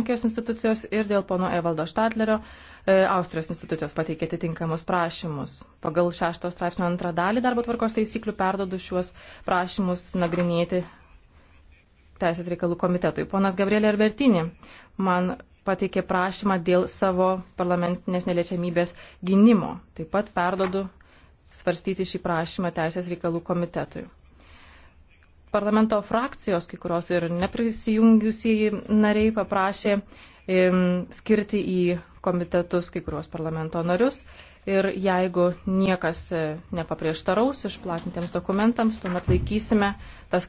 Lenkijos institucijos ir dėl pono Evaldo Štadlerio e, Austrijos institucijos pateikė atitinkamus prašymus. Pagal šešto straipsnio antrą dalį darbo tvarkos taisyklių perdodu šiuos prašymus nagrinėti Teisės reikalų komitetui. Ponas Gabrielė Arbertini man pateikė prašymą dėl savo parlamentinės neliečiamybės gynimo. Taip pat perdodu svarstyti šį prašymą Teisės reikalų komitetui parlamento frakcijos, kai kurios ir neprisijungusieji nariai paprašė skirti į komitetus kai kuriuos parlamento narius. Ir jeigu niekas e, nepaprieštaraus išplatintiems dokumentams, tuomet laikysime tas.